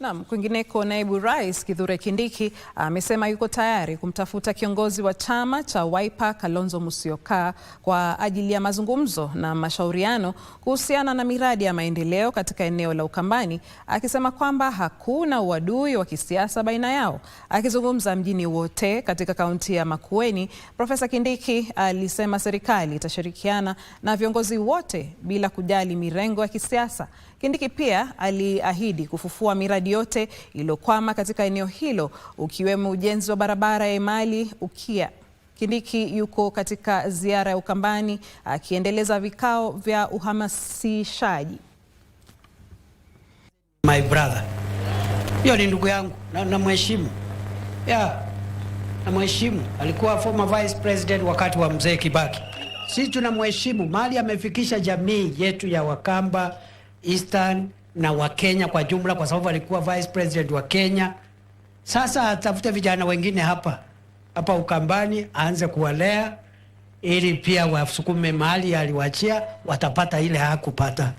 Naam, kwingineko naibu rais Kithure Kindiki amesema yuko tayari kumtafuta kiongozi wa chama cha Wiper Kalonzo Musyoka kwa ajili ya mazungumzo na mashauriano kuhusiana na miradi ya maendeleo katika eneo la Ukambani, akisema kwamba hakuna uadui wa kisiasa baina yao. Akizungumza mjini Wote katika kaunti ya Makueni, Profesa Kindiki alisema serikali itashirikiana na viongozi wote bila kujali mirengo ya kisiasa. Kindiki pia aliahidi kufufua miradi miradi yote iliyokwama katika eneo hilo ukiwemo ujenzi wa barabara ya Emali Ukia. Kindiki yuko katika ziara ya Ukambani akiendeleza vikao vya uhamasishaji. My brother hiyo ni ndugu yangu na, namheshimu. yeah, na alikuwa former vice president wakati wa mzee Kibaki. Sisi tunamheshimu mali amefikisha jamii yetu ya Wakamba Eastern na Wakenya kwa jumla, kwa sababu alikuwa vice president wa Kenya. Sasa atafute vijana wengine hapa hapa Ukambani, aanze kuwalea ili pia wasukume mali aliwachia, watapata ile hakupata.